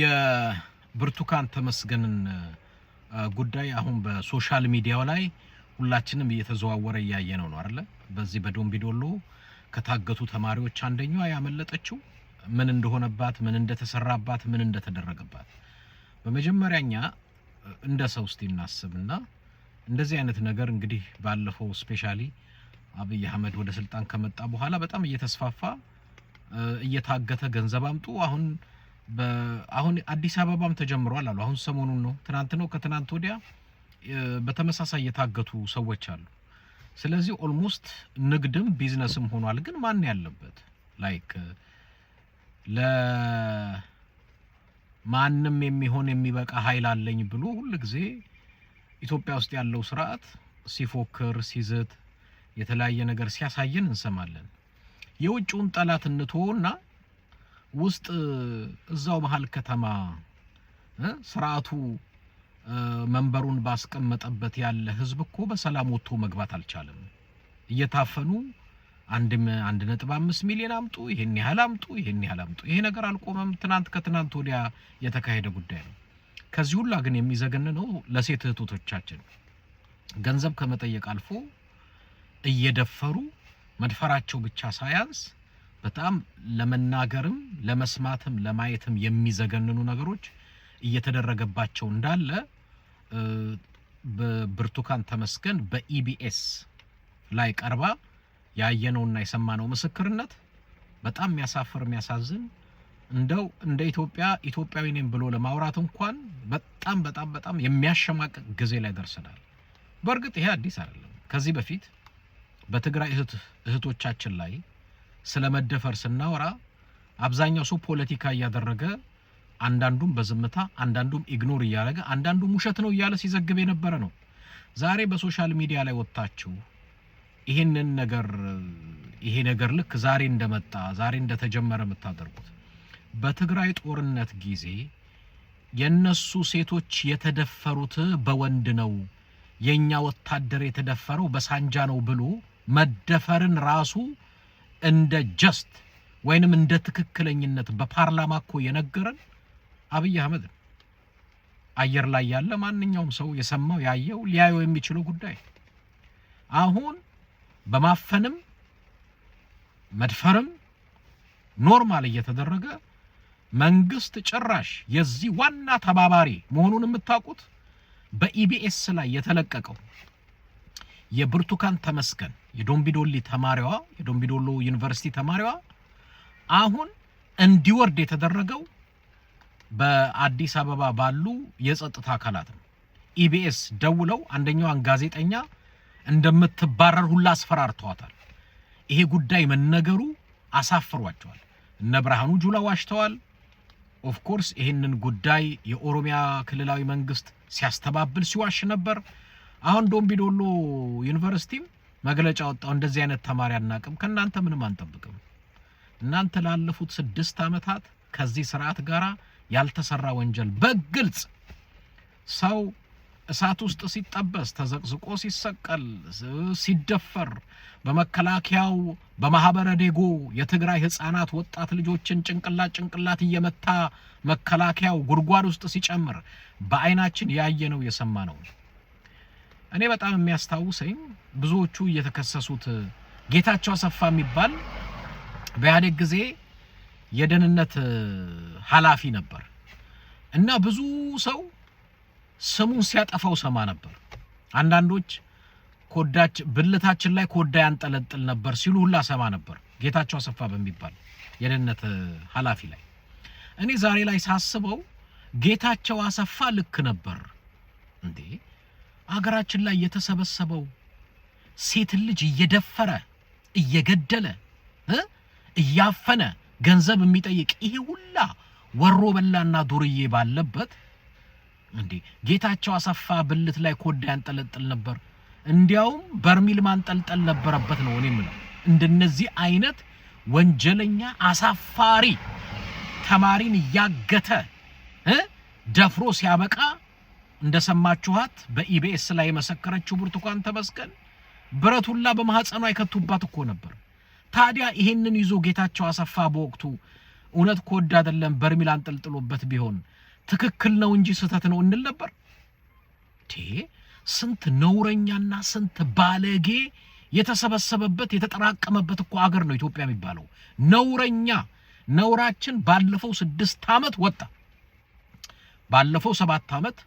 የብርቱካን ተመስገንን ጉዳይ አሁን በሶሻል ሚዲያው ላይ ሁላችንም እየተዘዋወረ እያየ ነው ነው አይደለ? በዚህ በዶምቢዶሎ ከታገቱ ተማሪዎች አንደኛዋ ያመለጠችው ምን እንደሆነባት፣ ምን እንደተሰራባት፣ ምን እንደተደረገባት በመጀመሪያኛ እንደ ሰው እስቲ እናስብና እንደዚህ አይነት ነገር እንግዲህ ባለፈው ስፔሻሊ አብይ አህመድ ወደ ስልጣን ከመጣ በኋላ በጣም እየተስፋፋ እየታገተ ገንዘብ አምጡ አሁን አሁን አዲስ አበባም ተጀምሯል አሉ። አሁን ሰሞኑን ነው፣ ትናንት ነው፣ ከትናንት ወዲያ በተመሳሳይ የታገቱ ሰዎች አሉ። ስለዚህ ኦልሞስት ንግድም ቢዝነስም ሆኗል። ግን ማን ያለበት ላይክ ለማንም የሚሆን የሚበቃ ኃይል አለኝ ብሎ ጊዜ ኢትዮጵያ ውስጥ ያለው ስርዓት ሲፎክር ሲዝት የተለያየ ነገር ሲያሳየን እንሰማለን። የውጭውን ጠላት እንትወውና ውስጥ እዛው መሀል ከተማ ስርዓቱ መንበሩን ባስቀመጠበት ያለ ህዝብ እኮ በሰላም ወጥቶ መግባት አልቻለም። እየታፈኑ አንድም አንድ ነጥብ አምስት ሚሊዮን አምጡ፣ ይሄን ያህል አምጡ፣ ይሄን ያህል አምጡ። ይሄ ነገር አልቆመም። ትናንት ከትናንት ወዲያ የተካሄደ ጉዳይ ነው። ከዚህ ሁላ ግን የሚዘገንነው ለሴት እህቶቻችን ገንዘብ ከመጠየቅ አልፎ እየደፈሩ መድፈራቸው ብቻ ሳያንስ በጣም ለመናገርም ለመስማትም ለማየትም የሚዘገንኑ ነገሮች እየተደረገባቸው እንዳለ በብርቱካን ተመስገን በኢቢኤስ ላይ ቀርባ ያየነውና የሰማነው ምስክርነት በጣም የሚያሳፍር የሚያሳዝን እንደው እንደ ኢትዮጵያ ኢትዮጵያዊ ነኝ ብሎ ለማውራት እንኳን በጣም በጣም በጣም የሚያሸማቅቅ ጊዜ ላይ ደርሰናል። በእርግጥ ይሄ አዲስ አይደለም። ከዚህ በፊት በትግራይ እህቶቻችን ላይ ስለ መደፈር ስናወራ አብዛኛው ሰው ፖለቲካ እያደረገ አንዳንዱም በዝምታ አንዳንዱም ኢግኖር እያደረገ አንዳንዱም ውሸት ነው እያለ ሲዘግብ የነበረ ነው። ዛሬ በሶሻል ሚዲያ ላይ ወጥታችሁ ይህንን ነገር ይሄ ነገር ልክ ዛሬ እንደመጣ ዛሬ እንደተጀመረ የምታደርጉት በትግራይ ጦርነት ጊዜ የነሱ ሴቶች የተደፈሩት በወንድ ነው፣ የኛ ወታደር የተደፈረው በሳንጃ ነው ብሎ መደፈርን ራሱ እንደ ጀስት ወይንም እንደ ትክክለኝነት በፓርላማ እኮ የነገረን አብይ አህመድ ነው። አየር ላይ ያለ ማንኛውም ሰው የሰማው ያየው ሊያየው የሚችለው ጉዳይ አሁን በማፈንም መድፈርም ኖርማል እየተደረገ መንግስት ጭራሽ የዚህ ዋና ተባባሪ መሆኑን የምታውቁት በኢቢኤስ ላይ የተለቀቀው የብርቱካን ተመስገን የዶምቢዶሊ ተማሪዋ የዶምቢዶሎ ዩኒቨርሲቲ ተማሪዋ አሁን እንዲወርድ የተደረገው በአዲስ አበባ ባሉ የጸጥታ አካላት ነው። ኢቢኤስ ደውለው አንደኛዋን ጋዜጠኛ እንደምትባረር ሁላ አስፈራርተዋታል። ይሄ ጉዳይ መነገሩ አሳፍሯቸዋል። እነ ብርሃኑ ጁላ ዋሽተዋል። ኦፍኮርስ ይህንን ጉዳይ የኦሮሚያ ክልላዊ መንግስት ሲያስተባብል ሲዋሽ ነበር። አሁን ዶምቢዶሎ ዩኒቨርሲቲም መግለጫ ወጣው። እንደዚህ አይነት ተማሪ አናቅም፣ ከእናንተ ምንም አንጠብቅም። እናንተ ላለፉት ስድስት ዓመታት ከዚህ ስርዓት ጋራ ያልተሰራ ወንጀል በግልጽ ሰው እሳት ውስጥ ሲጠበስ ተዘቅዝቆ ሲሰቀል ሲደፈር በመከላከያው በማህበረ ዴጎ የትግራይ ህፃናት ወጣት ልጆችን ጭንቅላት ጭንቅላት እየመታ መከላከያው ጉድጓድ ውስጥ ሲጨምር በአይናችን ያየነው የሰማነው እኔ በጣም የሚያስታውሰኝ ብዙዎቹ እየተከሰሱት ጌታቸው አሰፋ የሚባል በኢህአዴግ ጊዜ የደህንነት ኃላፊ ነበር እና ብዙ ሰው ስሙን ሲያጠፋው ሰማ ነበር። አንዳንዶች ኮዳች ብልታችን ላይ ኮዳ ያንጠለጥል ነበር ሲሉ ሁላ ሰማ ነበር። ጌታቸው አሰፋ በሚባል የደህንነት ኃላፊ ላይ እኔ ዛሬ ላይ ሳስበው ጌታቸው አሰፋ ልክ ነበር እንዴ? አገራችን ላይ የተሰበሰበው ሴትን ልጅ እየደፈረ እየገደለ እያፈነ ገንዘብ የሚጠይቅ ይሄ ሁላ ወሮ በላና ዱርዬ ባለበት እንዴ ጌታቸው አሰፋ ብልት ላይ ኮዳ ያንጠለጥል ነበር። እንዲያውም በርሚል ማንጠልጠል ነበረበት ነው እኔ የምለው። እንደነዚህ አይነት ወንጀለኛ አሳፋሪ ተማሪን እያገተ ደፍሮ ሲያበቃ እንደሰማችኋት በኢቢኤስ ላይ የመሰከረችው ብርቱካን ተመስገን ብረት ሁላ በማህፀኗ የከቱባት እኮ ነበር። ታዲያ ይሄንን ይዞ ጌታቸው አሰፋ በወቅቱ እውነት ከወድ አይደለም በርሚል አንጠልጥሎበት ቢሆን ትክክል ነው እንጂ ስህተት ነው እንል ነበር። ስንት ነውረኛና ስንት ባለጌ የተሰበሰበበት የተጠራቀመበት እኮ አገር ነው ኢትዮጵያ የሚባለው። ነውረኛ ነውራችን ባለፈው ስድስት ዓመት ወጣ። ባለፈው ሰባት ዓመት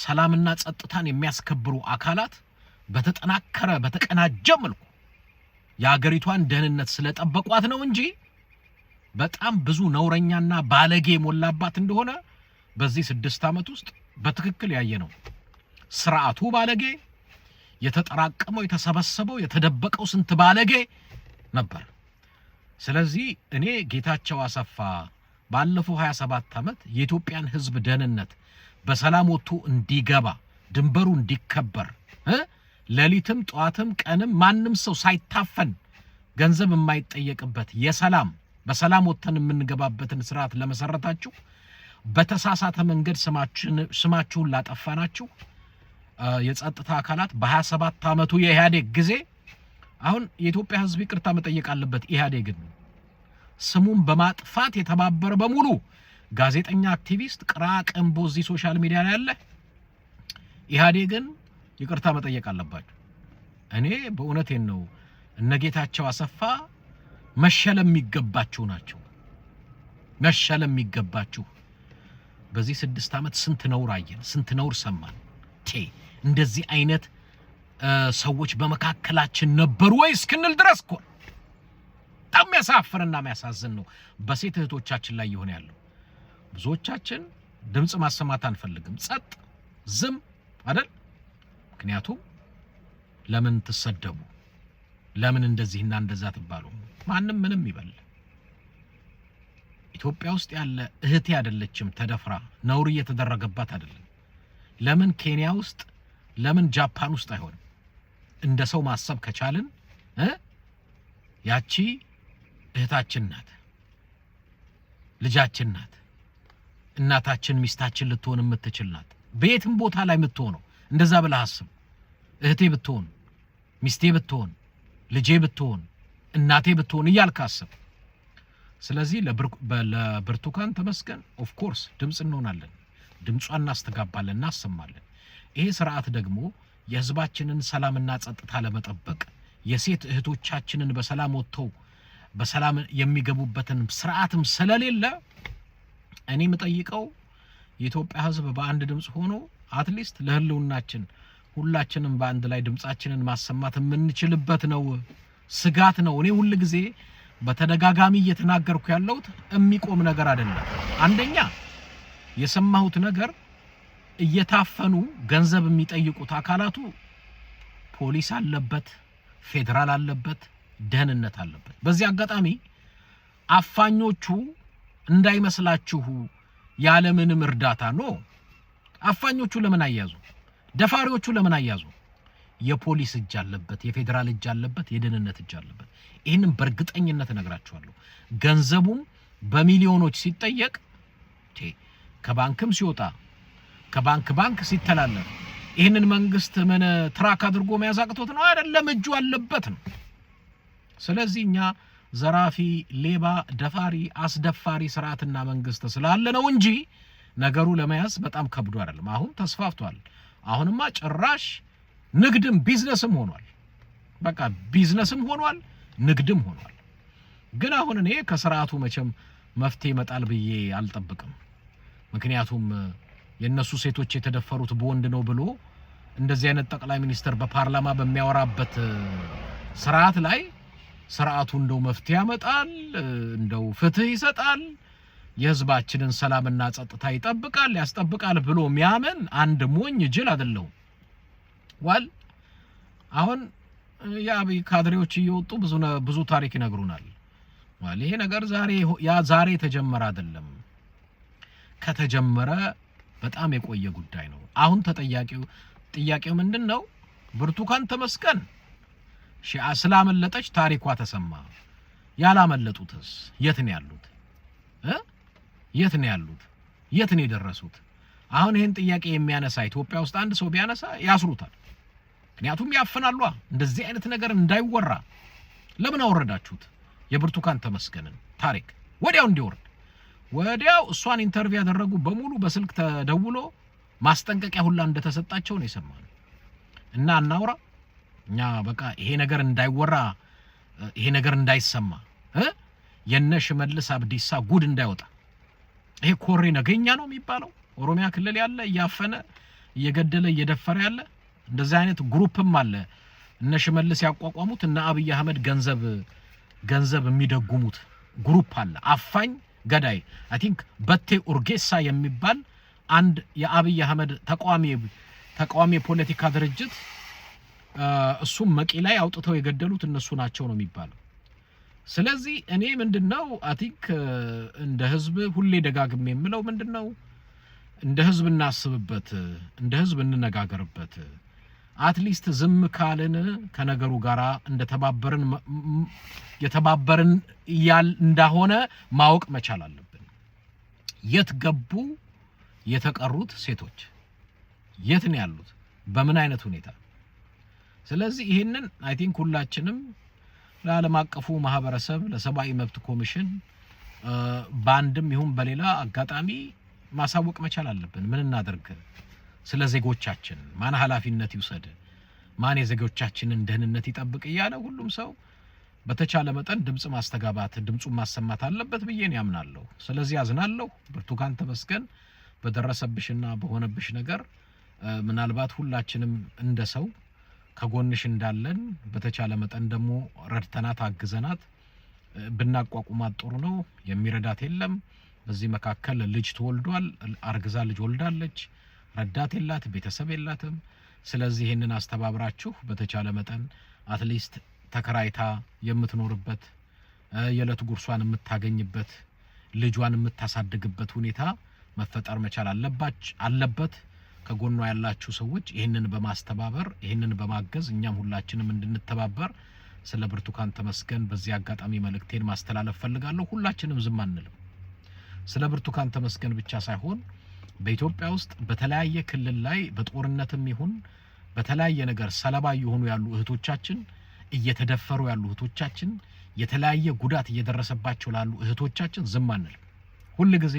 ሰላምና ጸጥታን የሚያስከብሩ አካላት በተጠናከረ በተቀናጀ መልኩ የአገሪቷን ደህንነት ስለጠበቋት ነው እንጂ በጣም ብዙ ነውረኛና ባለጌ የሞላባት እንደሆነ በዚህ ስድስት ዓመት ውስጥ በትክክል ያየ ነው። ስርዓቱ ባለጌ፣ የተጠራቀመው የተሰበሰበው የተደበቀው ስንት ባለጌ ነበር። ስለዚህ እኔ ጌታቸው አሰፋ ባለፈው 27 ዓመት የኢትዮጵያን ሕዝብ ደህንነት በሰላም ወጥቶ እንዲገባ ድንበሩ እንዲከበር ሌሊትም ጠዋትም ቀንም ማንም ሰው ሳይታፈን ገንዘብ የማይጠየቅበት የሰላም በሰላም ወጥተን የምንገባበትን ስርዓት ለመሰረታችሁ፣ በተሳሳተ መንገድ ስማችሁን ላጠፋናችሁ የጸጥታ አካላት በ27 ዓመቱ የኢህአዴግ ጊዜ አሁን የኢትዮጵያ ሕዝብ ይቅርታ መጠየቅ አለበት። ኢህአዴግን ስሙን በማጥፋት የተባበረ በሙሉ ጋዜጠኛ፣ አክቲቪስት ቅራ ቀንቦ እዚህ ሶሻል ሚዲያ ላይ ያለ ኢህአዴግን ይቅርታ መጠየቅ አለባቸው። እኔ በእውነቴን ነው እነ ጌታቸው አሰፋ መሸለም የሚገባችሁ ናቸው። መሸለም የሚገባችሁ በዚህ ስድስት ዓመት ስንት ነውር አየን፣ ስንት ነውር ሰማን። ቴ እንደዚህ አይነት ሰዎች በመካከላችን ነበሩ ወይ እስክንል ድረስ እኮ በጣም የሚያሳፍርና የሚያሳዝን ነው። በሴት እህቶቻችን ላይ የሆነ ያለው ብዙዎቻችን ድምፅ ማሰማት አንፈልግም። ጸጥ ዝም አይደል? ምክንያቱም ለምን ትሰደቡ፣ ለምን እንደዚህና እንደዛ ትባሉ፣ ማንም ምንም ይበል። ኢትዮጵያ ውስጥ ያለ እህቴ አይደለችም ተደፍራ ነውር እየተደረገባት አይደለም። ለምን ኬንያ ውስጥ ለምን ጃፓን ውስጥ አይሆንም? እንደ ሰው ማሰብ ከቻልን ያቺ እህታችን ናት፣ ልጃችን ናት። እናታችን ሚስታችን ልትሆን የምትችል ናት። በየትም ቦታ ላይ የምትሆነው እንደዛ ብለህ አስብ። እህቴ ብትሆን፣ ሚስቴ ብትሆን፣ ልጄ ብትሆን፣ እናቴ ብትሆን እያልክ አስብ። ስለዚህ ለብርቱካን ተመስገን ኦፍኮርስ ድምፅ እንሆናለን፣ ድምጿን እናስተጋባለን፣ እናሰማለን። ይሄ ስርዓት ደግሞ የህዝባችንን ሰላምና ጸጥታ ለመጠበቅ የሴት እህቶቻችንን በሰላም ወጥተው በሰላም የሚገቡበትን ስርዓትም ስለሌለ እኔ የምጠይቀው የኢትዮጵያ ሕዝብ በአንድ ድምጽ ሆኖ አትሊስት ለህልውናችን ሁላችንም በአንድ ላይ ድምጻችንን ማሰማት የምንችልበት ነው። ስጋት ነው። እኔ ሁል ጊዜ በተደጋጋሚ እየተናገርኩ ያለሁት የሚቆም ነገር አይደለም። አንደኛ የሰማሁት ነገር እየታፈኑ ገንዘብ የሚጠይቁት አካላቱ ፖሊስ አለበት፣ ፌዴራል አለበት፣ ደህንነት አለበት። በዚህ አጋጣሚ አፋኞቹ እንዳይመስላችሁ ያለምንም እርዳታ ኖ። አፋኞቹ ለምን አያዙ? ደፋሪዎቹ ለምን አያዙ? የፖሊስ እጅ አለበት፣ የፌዴራል እጅ አለበት፣ የደህንነት እጅ አለበት። ይህንን በእርግጠኝነት እነግራችኋለሁ። ገንዘቡም በሚሊዮኖች ሲጠየቅ ከባንክም ሲወጣ ከባንክ ባንክ ሲተላለፍ ይህንን መንግስት ምን ትራክ አድርጎ መያዝ አቅቶት ነው? አይደለም፣ እጁ አለበት ነው። ስለዚህ እኛ ዘራፊ፣ ሌባ፣ ደፋሪ፣ አስደፋሪ ስርዓትና መንግስት ስላለ ነው እንጂ ነገሩ ለመያዝ በጣም ከብዶ አይደለም። አሁን ተስፋፍቷል። አሁንማ ጭራሽ ንግድም ቢዝነስም ሆኗል። በቃ ቢዝነስም ሆኗል፣ ንግድም ሆኗል። ግን አሁን እኔ ከስርዓቱ መቼም መፍትሄ ይመጣል ብዬ አልጠብቅም። ምክንያቱም የእነሱ ሴቶች የተደፈሩት በወንድ ነው ብሎ እንደዚህ አይነት ጠቅላይ ሚኒስትር በፓርላማ በሚያወራበት ስርዓት ላይ ስርዓቱ እንደው መፍትሄ ያመጣል፣ እንደው ፍትህ ይሰጣል፣ የህዝባችንን ሰላምና ጸጥታ ይጠብቃል ያስጠብቃል ብሎ የሚያምን አንድ ሞኝ ጅል አይደለሁም። ዋል አሁን የአብይ ካድሬዎች እየወጡ ብዙ ብዙ ታሪክ ይነግሩናል። ዋል ይሄ ነገር ዛሬ ያ ዛሬ የተጀመረ አይደለም። ከተጀመረ በጣም የቆየ ጉዳይ ነው። አሁን ተጠያቂው ጥያቄው ምንድን ነው? ብርቱካን ተመስገን ሺአ ስላመለጠች ታሪኳ ተሰማ። ያላመለጡትስ የት ነው ያሉት? የት ነው ያሉት? የት ነው የደረሱት? አሁን ይህን ጥያቄ የሚያነሳ ኢትዮጵያ ውስጥ አንድ ሰው ቢያነሳ ያስሩታል። ምክንያቱም ያፍናሏ። እንደዚህ አይነት ነገር እንዳይወራ ለምን አወረዳችሁት? የብርቱካን ተመስገንን ታሪክ ወዲያው እንዲወርድ ወዲያው እሷን ኢንተርቪው ያደረጉ በሙሉ በስልክ ተደውሎ ማስጠንቀቂያ ሁላ እንደተሰጣቸው ነው የሰማነው እና እናውራ እኛ በቃ ይሄ ነገር እንዳይወራ ይሄ ነገር እንዳይሰማ የነ ሽመልስ አብዲሳ ጉድ እንዳይወጣ ይሄ ኮሬ ነገኛ ነው የሚባለው ኦሮሚያ ክልል ያለ እያፈነ እየገደለ እየደፈረ ያለ እንደዚህ አይነት ግሩፕም አለ። እነ ሽመልስ ያቋቋሙት እነ አብይ አህመድ ገንዘብ ገንዘብ የሚደጉሙት ግሩፕ አለ። አፋኝ ገዳይ አይ ቲንክ በቴ ኡርጌሳ የሚባል አንድ የአብይ አህመድ ተቃዋሚ ተቃዋሚ የፖለቲካ ድርጅት እሱም መቂ ላይ አውጥተው የገደሉት እነሱ ናቸው ነው የሚባለው። ስለዚህ እኔ ምንድነው አቲክ እንደ ህዝብ ሁሌ ደጋግም የምለው ምንድነው እንደ ህዝብ እናስብበት፣ እንደ ህዝብ እንነጋገርበት። አትሊስት ዝም ካልን ከነገሩ ጋር እንደተባበርን የተባበርን እያል እንዳሆነ ማወቅ መቻል አለብን። የት ገቡ የተቀሩት ሴቶች? የት ነው ያሉት? በምን አይነት ሁኔታ ስለዚህ ይህንን አይ ቲንክ ሁላችንም ለዓለም አቀፉ ማህበረሰብ ለሰብአዊ መብት ኮሚሽን በአንድም ይሁን በሌላ አጋጣሚ ማሳወቅ መቻል አለብን። ምን እናደርግ ስለ ዜጎቻችን ማን ኃላፊነት ይውሰድ፣ ማን የዜጎቻችንን ደህንነት ይጠብቅ እያለ ሁሉም ሰው በተቻለ መጠን ድምፅ ማስተጋባት ድምፁን ማሰማት አለበት ብዬ ነው ያምናለሁ። ስለዚህ አዝናለሁ ብርቱካን ተመስገን በደረሰብሽና በሆነብሽ ነገር ምናልባት ሁላችንም እንደ ሰው ከጎንሽ እንዳለን በተቻለ መጠን ደግሞ ረድተናት አግዘናት ብናቋቁማት ጥሩ ነው። የሚረዳት የለም። በዚህ መካከል ልጅ ተወልዷል። አርግዛ ልጅ ወልዳለች። ረዳት የላት፣ ቤተሰብ የላትም። ስለዚህ ይህንን አስተባብራችሁ በተቻለ መጠን አትሊስት ተከራይታ የምትኖርበት የዕለት ጉርሷን የምታገኝበት ልጇን የምታሳድግበት ሁኔታ መፈጠር መቻል አለባች አለበት። ከጎኗ ያላችሁ ሰዎች ይህንን በማስተባበር ይህንን በማገዝ እኛም ሁላችንም እንድንተባበር ስለ ብርቱካን ተመስገን በዚህ አጋጣሚ መልእክቴን ማስተላለፍ ፈልጋለሁ። ሁላችንም ዝም አንልም። ስለ ብርቱካን ተመስገን ብቻ ሳይሆን በኢትዮጵያ ውስጥ በተለያየ ክልል ላይ በጦርነትም ይሁን በተለያየ ነገር ሰለባ እየሆኑ ያሉ እህቶቻችን፣ እየተደፈሩ ያሉ እህቶቻችን፣ የተለያየ ጉዳት እየደረሰባቸው ላሉ እህቶቻችን ዝም አንልም። ጊዜ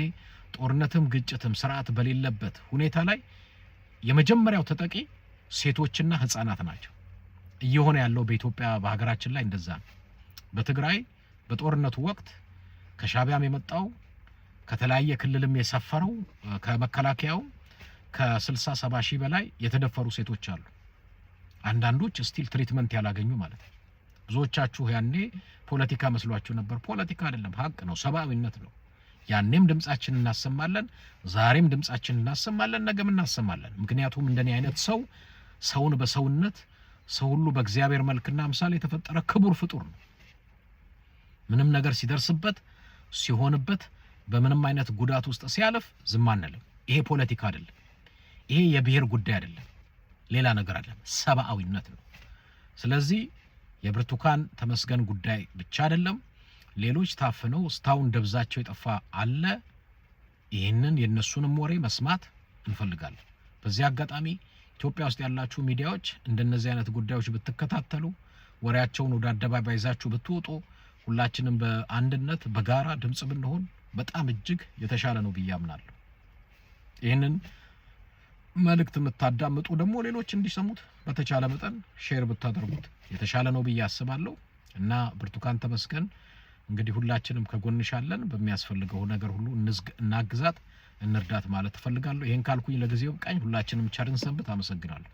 ጦርነትም ግጭትም ስርዓት በሌለበት ሁኔታ ላይ የመጀመሪያው ተጠቂ ሴቶችና ህጻናት ናቸው። እየሆነ ያለው በኢትዮጵያ በሀገራችን ላይ እንደዛ ነው። በትግራይ በጦርነቱ ወቅት ከሻቢያም የመጣው ከተለያየ ክልልም የሰፈረው ከመከላከያው ከስልሳ ሰባ ሺህ በላይ የተደፈሩ ሴቶች አሉ። አንዳንዶች ስቲል ትሪትመንት ያላገኙ ማለት ነው። ብዙዎቻችሁ ያኔ ፖለቲካ መስሏችሁ ነበር። ፖለቲካ አይደለም፣ ሀቅ ነው፣ ሰብአዊነት ነው። ያኔም ድምጻችን እናሰማለን፣ ዛሬም ድምጻችን እናሰማለን፣ ነገም እናሰማለን። ምክንያቱም እንደኔ አይነት ሰው ሰውን በሰውነት ሰው ሁሉ በእግዚአብሔር መልክና ምሳሌ የተፈጠረ ክቡር ፍጡር ነው። ምንም ነገር ሲደርስበት ሲሆንበት በምንም አይነት ጉዳት ውስጥ ሲያልፍ ዝም አንልም። ይሄ ፖለቲካ አይደለም። ይሄ የብሔር ጉዳይ አይደለም። ሌላ ነገር አይደለም። ሰብአዊነት ነው። ስለዚህ የብርቱካን ተመስገን ጉዳይ ብቻ አይደለም። ሌሎች ታፍነው እስካሁን ደብዛቸው የጠፋ አለ። ይህንን የእነሱንም ወሬ መስማት እንፈልጋለን። በዚህ አጋጣሚ ኢትዮጵያ ውስጥ ያላችሁ ሚዲያዎች እንደነዚህ አይነት ጉዳዮች ብትከታተሉ፣ ወሬያቸውን ወደ አደባባይ ይዛችሁ ብትወጡ፣ ሁላችንም በአንድነት በጋራ ድምፅ ብንሆን በጣም እጅግ የተሻለ ነው ብዬ አምናለሁ። ይህንን መልእክት የምታዳምጡ ደግሞ ሌሎች እንዲሰሙት በተቻለ መጠን ሼር ብታደርጉት የተሻለ ነው ብዬ አስባለሁ እና ብርቱካን ተመስገን እንግዲህ ሁላችንም ከጎንሻለን በሚያስፈልገው ነገር ሁሉ እናግዛት፣ እንርዳት ማለት እፈልጋለሁ። ይህን ካልኩኝ ለጊዜው ቀኝ ሁላችንም ቸርን ሰንብት። አመሰግናለሁ።